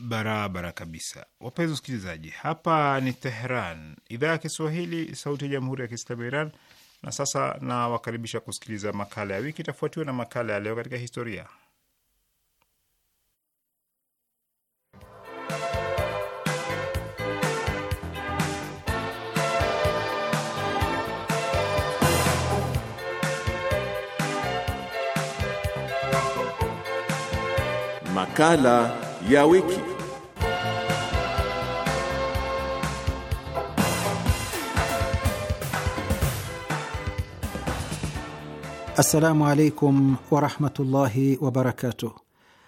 barabara kabisa. Wapenzi wasikilizaji, hapa ni Tehran, idhaa ya Kiswahili, sauti ya jamhuri ya kiislamu ya Iran. Na sasa nawakaribisha kusikiliza makala ya wiki, itafuatiwa na makala ya leo katika historia. Makala ya wiki. Assalamu alaikum warahmatullahi wabarakatuh.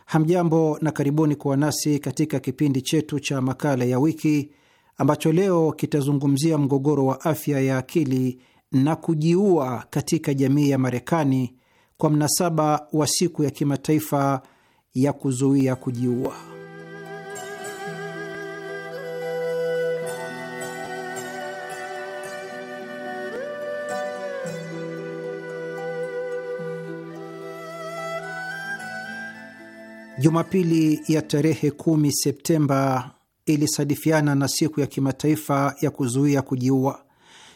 Hamjambo na karibuni kuwa nasi katika kipindi chetu cha makala ya wiki ambacho leo kitazungumzia mgogoro wa afya ya akili na kujiua katika jamii ya Marekani kwa mnasaba wa siku ya kimataifa ya kuzuia kujiua. Jumapili ya tarehe 1 Septemba ilisadifiana na siku ya kimataifa ya kuzuia kujiua.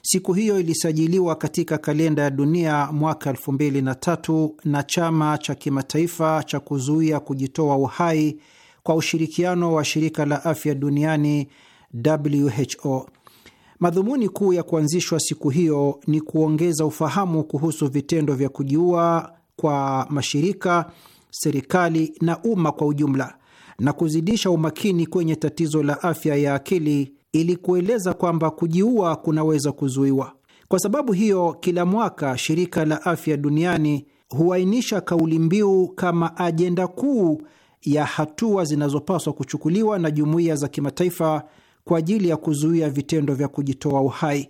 Siku hiyo ilisajiliwa katika kalenda ya dunia mwaka 2003 na chama cha kimataifa cha kuzuia kujitoa uhai kwa ushirikiano wa shirika la afya duniani WHO. Madhumuni kuu ya kuanzishwa siku hiyo ni kuongeza ufahamu kuhusu vitendo vya kujiua kwa mashirika serikali na umma kwa ujumla na kuzidisha umakini kwenye tatizo la afya ya akili ili kueleza kwamba kujiua kunaweza kuzuiwa. Kwa sababu hiyo, kila mwaka shirika la afya duniani huainisha kauli mbiu kama ajenda kuu ya hatua zinazopaswa kuchukuliwa na jumuiya za kimataifa kwa ajili ya kuzuia vitendo vya kujitoa uhai.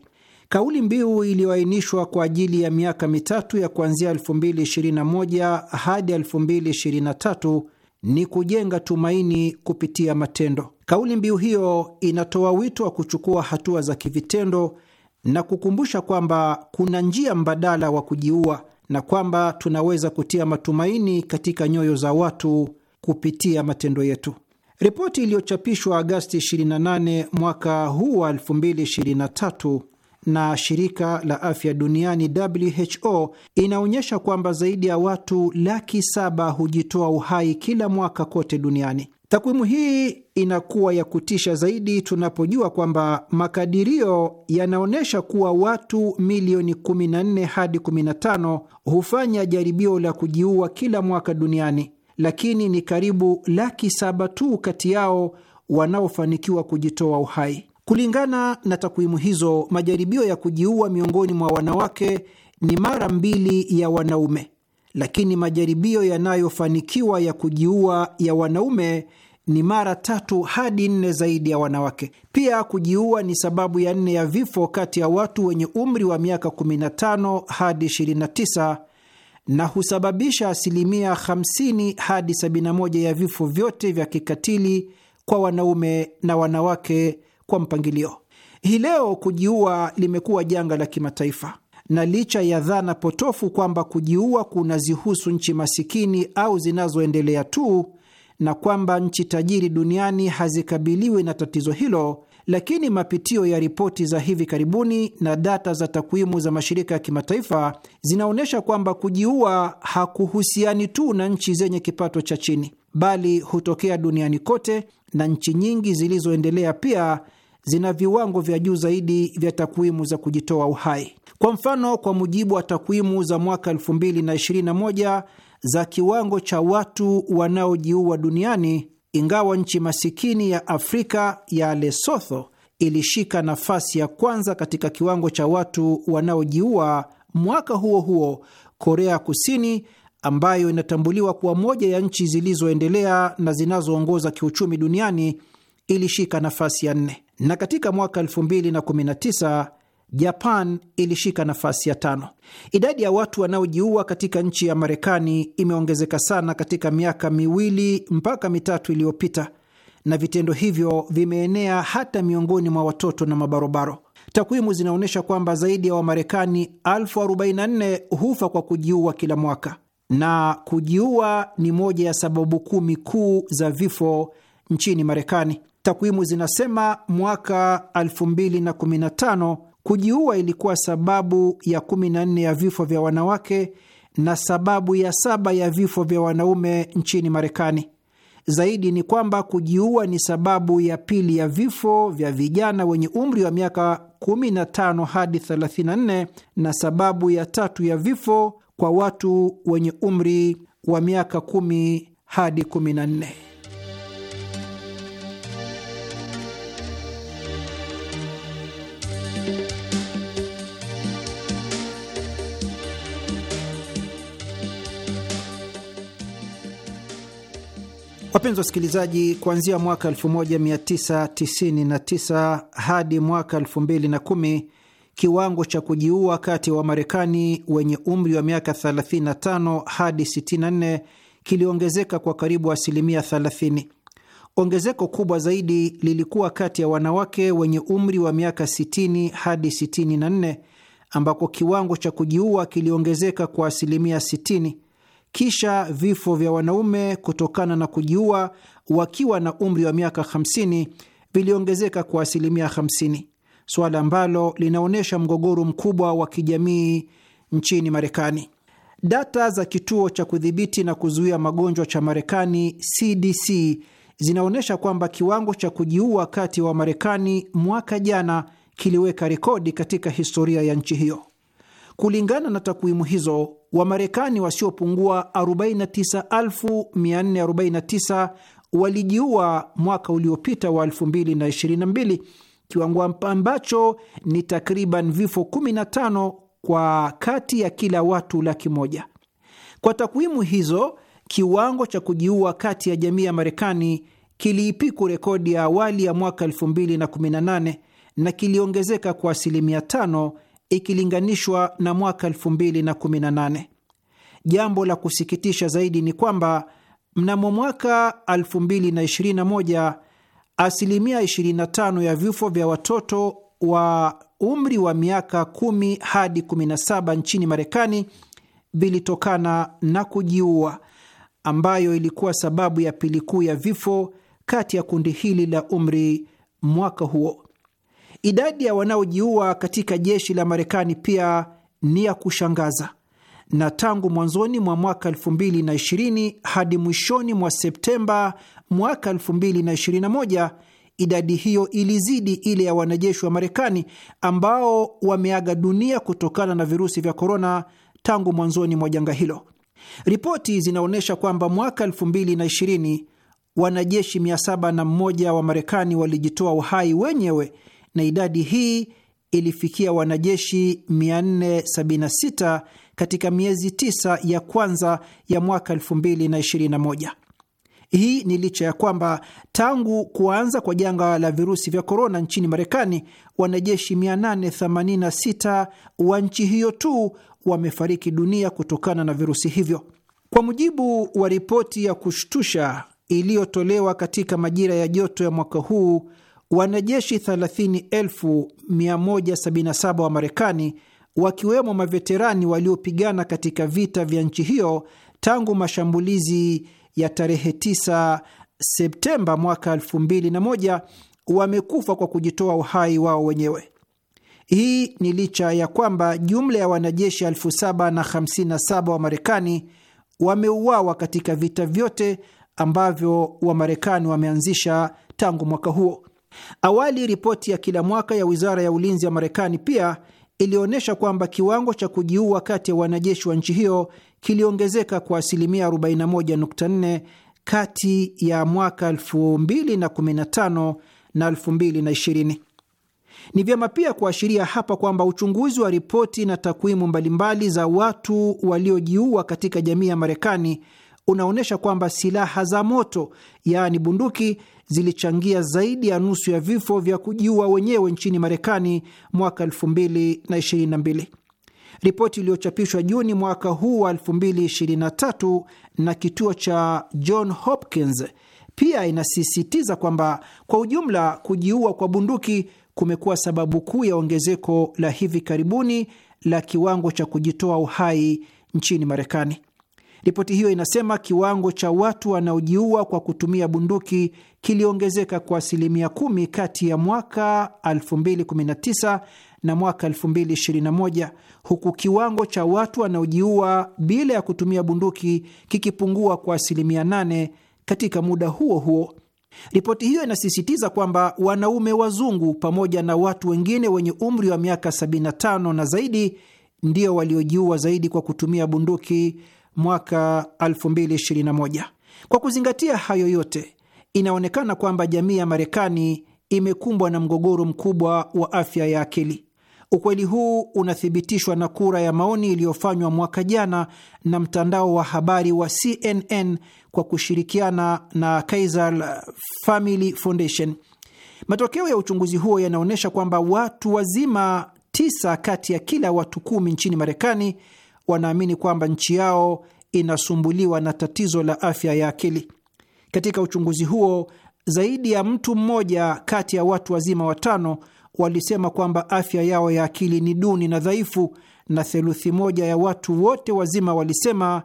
Kauli mbiu iliyoainishwa kwa ajili ya miaka mitatu ya kuanzia 2021 hadi 2023 ni kujenga tumaini kupitia matendo. Kauli mbiu hiyo inatoa wito wa kuchukua hatua za kivitendo na kukumbusha kwamba kuna njia mbadala wa kujiua na kwamba tunaweza kutia matumaini katika nyoyo za watu kupitia matendo yetu. Ripoti iliyochapishwa Agasti 28 mwaka huu wa na shirika la afya duniani WHO inaonyesha kwamba zaidi ya watu laki saba hujitoa uhai kila mwaka kote duniani. Takwimu hii inakuwa ya kutisha zaidi tunapojua kwamba makadirio yanaonyesha kuwa watu milioni 14 hadi 15 hufanya jaribio la kujiua kila mwaka duniani, lakini ni karibu laki saba tu kati yao wanaofanikiwa kujitoa uhai. Kulingana na takwimu hizo, majaribio ya kujiua miongoni mwa wanawake ni mara mbili ya wanaume, lakini majaribio yanayofanikiwa ya kujiua ya wanaume ni mara tatu hadi nne zaidi ya wanawake. Pia kujiua ni sababu ya nne ya vifo kati ya watu wenye umri wa miaka 15 hadi 29 na husababisha asilimia 50 hadi 71 ya vifo vyote vya kikatili kwa wanaume na wanawake kwa mpangilio. Hii leo kujiua limekuwa janga la kimataifa, na licha ya dhana potofu kwamba kujiua kunazihusu nchi masikini au zinazoendelea tu na kwamba nchi tajiri duniani hazikabiliwi na tatizo hilo, lakini mapitio ya ripoti za hivi karibuni na data za takwimu za mashirika ya kimataifa zinaonyesha kwamba kujiua hakuhusiani tu na nchi zenye kipato cha chini, bali hutokea duniani kote na nchi nyingi zilizoendelea pia zina viwango vya juu zaidi vya takwimu za kujitoa uhai. Kwa mfano, kwa mujibu wa takwimu za mwaka 2021 za kiwango cha watu wanaojiua duniani, ingawa nchi masikini ya Afrika ya Lesotho ilishika nafasi ya kwanza katika kiwango cha watu wanaojiua, mwaka huo huo Korea Kusini ambayo inatambuliwa kuwa moja ya nchi zilizoendelea na zinazoongoza kiuchumi duniani ilishika nafasi ya nne, na katika mwaka 2019 Japan ilishika nafasi ya tano. Idadi ya watu wanaojiua katika nchi ya Marekani imeongezeka sana katika miaka miwili mpaka mitatu iliyopita, na vitendo hivyo vimeenea hata miongoni mwa watoto na mabarobaro. Takwimu zinaonyesha kwamba zaidi ya Wamarekani 44 hufa kwa kujiua kila mwaka, na kujiua ni moja ya sababu kumi kuu za vifo nchini Marekani. Takwimu zinasema mwaka 2015 kujiua ilikuwa sababu ya 14 ya vifo vya wanawake na sababu ya saba ya vifo vya wanaume nchini Marekani. Zaidi ni kwamba kujiua ni sababu ya pili ya vifo vya vijana wenye umri wa miaka 15 hadi 34 na sababu ya tatu ya vifo kwa watu wenye umri wa miaka kumi hadi kumi na nne. Wapenzi wasikilizaji, kuanzia mwaka 1999 hadi mwaka 2010 kiwango cha kujiua kati ya Wamarekani wenye umri wa miaka 35 hadi 64 kiliongezeka kwa karibu asilimia 30. Ongezeko kubwa zaidi lilikuwa kati ya wanawake wenye umri wa miaka 60 hadi 64 ambako kiwango cha kujiua kiliongezeka kwa asilimia 60. Kisha vifo vya wanaume kutokana na kujiua wakiwa na umri wa miaka 50 viliongezeka kwa asilimia 50 suala ambalo linaonyesha mgogoro mkubwa wa kijamii nchini Marekani. Data za kituo cha kudhibiti na kuzuia magonjwa cha Marekani, CDC, zinaonyesha kwamba kiwango cha kujiua kati wa Marekani mwaka jana kiliweka rekodi katika historia ya nchi hiyo. Kulingana na takwimu hizo, Wamarekani wasiopungua 49449 walijiua mwaka uliopita wa 2022 kiwango ambacho ni takriban vifo 15 kwa kati ya kila watu laki moja. Kwa takwimu hizo, kiwango cha kujiua kati ya jamii ya Marekani kiliipiku rekodi ya awali ya mwaka 2018 na kiliongezeka kwa asilimia 5 ikilinganishwa na mwaka 2018. Jambo la kusikitisha zaidi ni kwamba mnamo mwaka 2021 asilimia 25 ya vifo vya watoto wa umri wa miaka 10 hadi 17 nchini Marekani vilitokana na kujiua, ambayo ilikuwa sababu ya pili kuu ya vifo kati ya kundi hili la umri mwaka huo. Idadi ya wanaojiua katika jeshi la Marekani pia ni ya kushangaza na tangu mwanzoni mwa mwaka 2020 hadi mwishoni mwa Septemba mwaka 2021 idadi hiyo ilizidi ile ya wanajeshi wa Marekani ambao wameaga dunia kutokana na virusi vya korona tangu mwanzoni mwa janga hilo. Ripoti zinaonyesha kwamba mwaka 2020 wanajeshi 701 wa Marekani walijitoa uhai wenyewe na idadi hii ilifikia wanajeshi 476 katika miezi tisa ya kwanza ya mwaka 2021. Hii ni licha ya kwamba tangu kuanza kwa janga la virusi vya korona nchini Marekani, wanajeshi 886 wa nchi hiyo tu wamefariki dunia kutokana na virusi hivyo, kwa mujibu wa ripoti ya kushtusha iliyotolewa katika majira ya joto ya mwaka huu. Wanajeshi 30,177 wa Marekani wakiwemo maveterani waliopigana katika vita vya nchi hiyo tangu mashambulizi ya tarehe 9 Septemba mwaka 2001 wamekufa kwa kujitoa uhai wao wenyewe. Hii ni licha ya kwamba jumla ya wanajeshi 757 wa Marekani wameuawa katika vita vyote ambavyo Wamarekani wameanzisha tangu mwaka huo. Awali, ripoti ya kila mwaka ya wizara ya ulinzi ya Marekani pia ilionyesha kwamba kiwango cha kujiua kati ya wanajeshi wa nchi hiyo kiliongezeka kwa asilimia 41.4 kati ya mwaka 2015 na 2020. Ni vyema pia kuashiria hapa kwamba uchunguzi wa ripoti na takwimu mbalimbali za watu waliojiua katika jamii ya Marekani unaonyesha kwamba silaha za moto, yaani bunduki, zilichangia zaidi ya nusu ya vifo vya kujiua wenyewe nchini Marekani mwaka 2022. Ripoti iliyochapishwa Juni mwaka huu wa 2023 na kituo cha John Hopkins pia inasisitiza kwamba kwa ujumla kujiua kwa bunduki kumekuwa sababu kuu ya ongezeko la hivi karibuni la kiwango cha kujitoa uhai nchini Marekani. Ripoti hiyo inasema kiwango cha watu wanaojiua kwa kutumia bunduki kiliongezeka kwa asilimia kumi kati ya mwaka 2019 na mwaka 2021 huku kiwango cha watu wanaojiua bila ya kutumia bunduki kikipungua kwa asilimia nane katika muda huo huo. Ripoti hiyo inasisitiza kwamba wanaume wazungu pamoja na watu wengine wenye umri wa miaka 75 na zaidi ndio waliojiua zaidi kwa kutumia bunduki mwaka 2021. Kwa kuzingatia hayo yote, inaonekana kwamba jamii ya Marekani imekumbwa na mgogoro mkubwa wa afya ya akili. Ukweli huu unathibitishwa na kura ya maoni iliyofanywa mwaka jana na mtandao wa habari wa CNN kwa kushirikiana na Kaiser Family Foundation. Matokeo ya uchunguzi huo yanaonyesha kwamba watu wazima tisa kati ya kila watu kumi nchini Marekani wanaamini kwamba nchi yao inasumbuliwa na tatizo la afya ya akili. Katika uchunguzi huo, zaidi ya mtu mmoja kati ya watu wazima watano walisema kwamba afya yao ya akili ni duni na dhaifu, na theluthi moja ya watu wote wazima walisema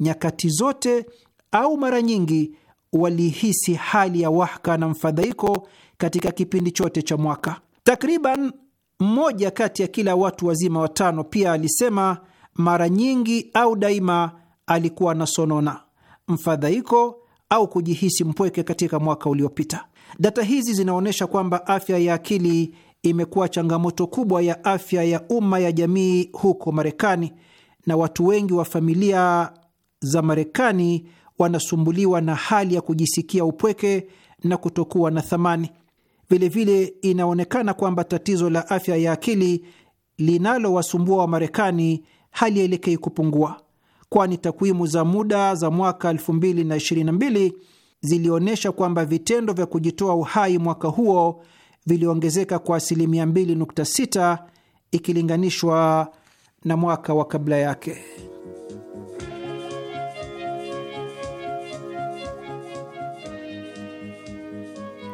nyakati zote au mara nyingi walihisi hali ya wahaka na mfadhaiko katika kipindi chote cha mwaka. Takriban mmoja kati ya kila watu wazima watano pia alisema mara nyingi au daima alikuwa anasonona, mfadhaiko au kujihisi mpweke katika mwaka uliopita. Data hizi zinaonyesha kwamba afya ya akili imekuwa changamoto kubwa ya afya ya umma ya jamii huko Marekani, na watu wengi wa familia za Marekani wanasumbuliwa na hali ya kujisikia upweke na kutokuwa na thamani. Vilevile inaonekana kwamba tatizo la afya ya akili linalowasumbua wa marekani hali yaelekei kupungua, kwani takwimu za muda za mwaka 2022 zilionyesha kwamba vitendo vya kujitoa uhai mwaka huo viliongezeka kwa asilimia 2.6 ikilinganishwa na mwaka wa kabla yake.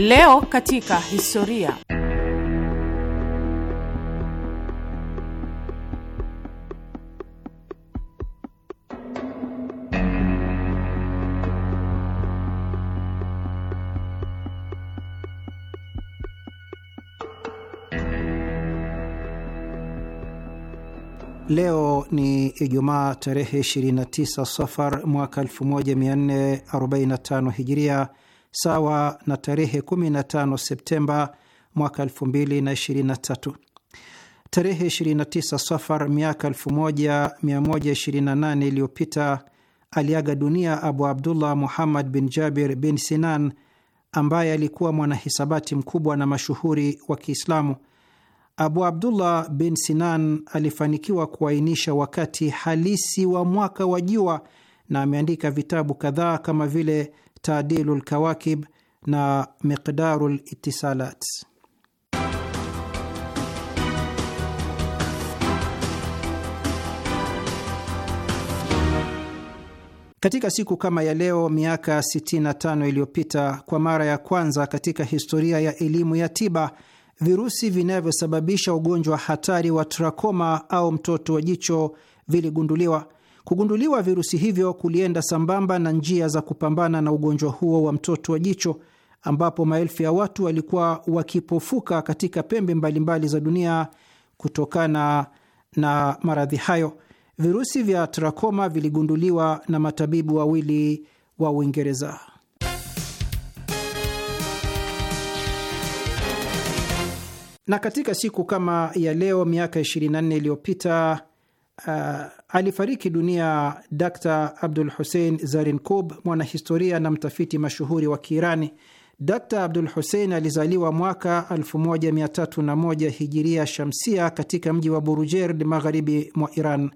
Leo katika historia. Leo ni Ijumaa tarehe 29 Safar mwaka 1445 Hijiria, sawa na tarehe 15 Septemba mwaka 2023. Tarehe 29 Safar miaka 1128 iliyopita aliaga dunia Abu Abdullah Muhammad bin Jabir bin Sinan ambaye alikuwa mwanahisabati mkubwa na mashuhuri wa Kiislamu. Abu Abdullah bin Sinan alifanikiwa kuainisha wakati halisi wa mwaka wa jua na ameandika vitabu kadhaa kama vile Taadilu lkawakib na Miqdaru litisalat. Katika siku kama ya leo miaka 65 iliyopita, kwa mara ya kwanza katika historia ya elimu ya tiba, virusi vinavyosababisha ugonjwa hatari wa trakoma au mtoto wa jicho viligunduliwa. Kugunduliwa virusi hivyo kulienda sambamba na njia za kupambana na ugonjwa huo wa mtoto wa jicho, ambapo maelfu ya watu walikuwa wakipofuka katika pembe mbalimbali za dunia kutokana na maradhi hayo. Virusi vya trakoma viligunduliwa na matabibu wawili wa Uingereza. Na katika siku kama ya leo miaka 24 iliyopita Uh, alifariki dunia Dr. Abdul Hussein Zarinkub, mwanahistoria na mtafiti mashuhuri wa Kiirani. Dr. Abdul Hussein alizaliwa mwaka 1301 hijiria shamsia katika mji wa Burujerd, magharibi mwa Iran.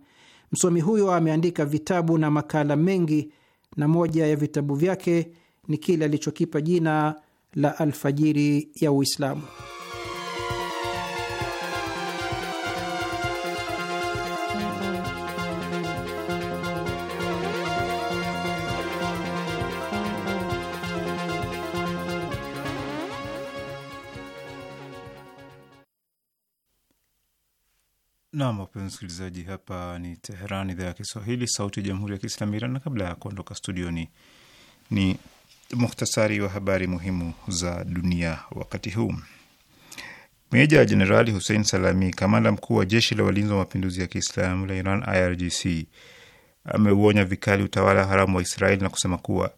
Msomi huyo ameandika vitabu na makala mengi, na moja ya vitabu vyake ni kile alichokipa jina la Alfajiri ya Uislamu. Nam, wapenzi msikilizaji, hapa ni Teheran, idhaa ya Kiswahili, sauti ya jamhuri ya kiislamu Iran. Na kabla ya kuondoka studioni, ni muhtasari wa habari muhimu za dunia wakati huu. Meja ya Jenerali Hussein Salami, kamanda mkuu wa jeshi la walinzi wa mapinduzi ya kiislamu la Iran, IRGC, ameuonya vikali utawala haramu wa Israeli na kusema kuwa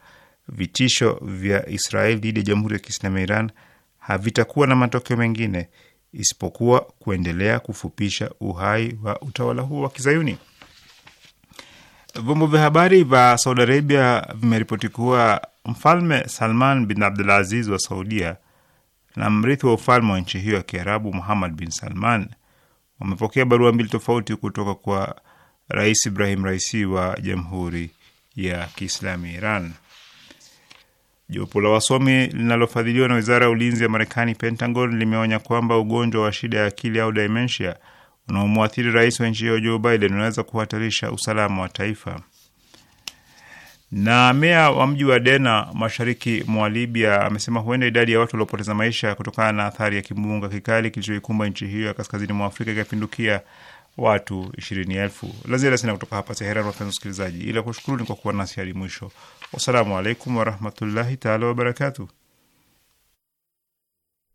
vitisho vya Israeli dhidi ya jamhuri ya kiislamu ya Iran havitakuwa na matokeo mengine isipokuwa kuendelea kufupisha uhai wa utawala huo wa Kizayuni. Vyombo vya habari vya Saudi Arabia vimeripoti kuwa Mfalme Salman bin Abdulaziz wa Saudia na mrithi wa ufalme wa nchi hiyo ya Kiarabu Muhammad bin Salman wamepokea barua mbili tofauti kutoka kwa Rais Ibrahim Raisi wa Jamhuri ya Kiislami Iran. Jopo la wasomi linalofadhiliwa na wizara ya ulinzi ya Marekani, Pentagon, limeonya kwamba ugonjwa wa shida ya akili au dementia unaomwathiri rais wa nchi hiyo Joe Biden unaweza kuhatarisha usalama wa taifa. Na meya wa mji wa Dena mashariki mwa Libya amesema huenda idadi ya watu waliopoteza maisha kutokana na athari ya kimbunga kikali kilichoikumba nchi hiyo ya kaskazini mwa Afrika ikapindukia watu ishirini elfu. La ziada sina kutoka hapa Teheran, wapenzi wasikilizaji, ila kushukuruni kwa kuwa nasi hadi mwisho. Wassalamu alaikum warahmatullahi taala wabarakatuh